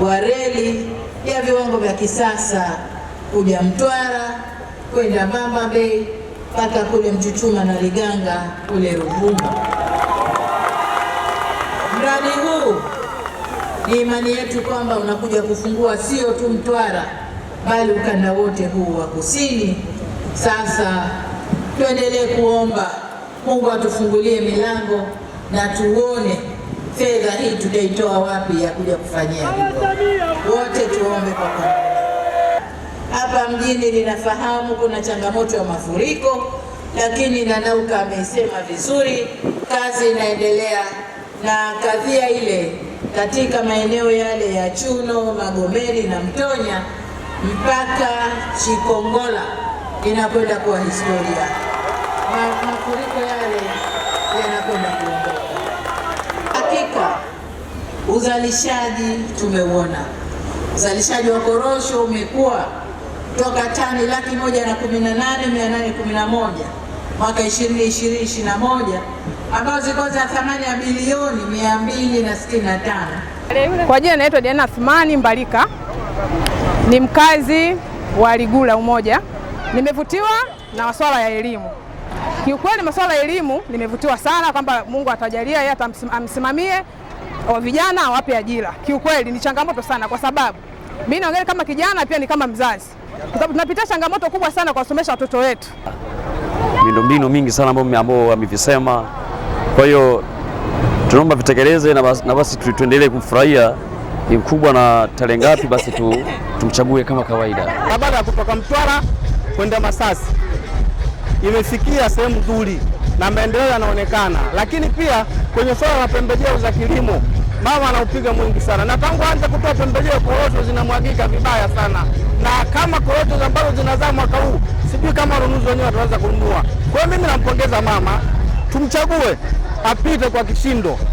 wa reli ya viwango vya kisasa kuja Mtwara kwenda Mbamba Bay mpaka kule Mchuchuma na Liganga kule Ruvuma. Mradi huu ni imani yetu kwamba unakuja kufungua sio tu Mtwara bali ukanda wote huu wa kusini. Sasa tuendelee kuomba Mungu atufungulie milango na tuone fedha hii tutaitoa wapi ya kuja kufanyia hivyo? Wote tuombe kwa pamoja. Hapa mjini ninafahamu kuna changamoto ya mafuriko, lakini Nanauka amesema vizuri, kazi inaendelea na kadhia ile katika maeneo yale ya Chuno, Magomeni na Mtonya mpaka Chikongola inakwenda kuwa historia Ma, mafuriko ya Uzalishaji tumeuona, uzalishaji wa korosho umekuwa toka tani laki moja na kumi na nane mia nane kumi na moja mwaka 2020 21 ambazo zilikuwa za thamani ya bilioni na 265. Kwa jina naitwa Diana Athmani Mbalika, ni mkazi wa Ligula Umoja. Nimevutiwa na masuala ya elimu. Kiukweli masuala ya elimu nimevutiwa sana, kwamba Mungu atajalia yeye atamsimamie wa vijana wape ajira. Kiukweli ni changamoto sana, kwa sababu mimi naongea kama kijana, pia ni kama mzazi, kwa sababu tunapitia changamoto kubwa sana kwa kusomesha watoto wetu, miundombinu mingi sana ambao wamevisema. Kwa hiyo tunaomba vitekeleze na basi, basi tuendelee kufurahia ni mkubwa na tarehe ngapi, basi tu, tumchague kama kawaida. Barabara kutoka Mtwara kwenda Masasi imefikia sehemu nzuri na maendeleo yanaonekana, lakini pia kwenye swala la pembejeo za kilimo mama anaupiga mwingi sana, na tangu anze kutoa pembejeo korosho zinamwagika vibaya sana, na kama korosho ambazo zinazaa mwaka huu sijui kama wanunuzi wenyewe wataweza kununua. Kwa hiyo mimi nampongeza mama, tumchague apite kwa kishindo.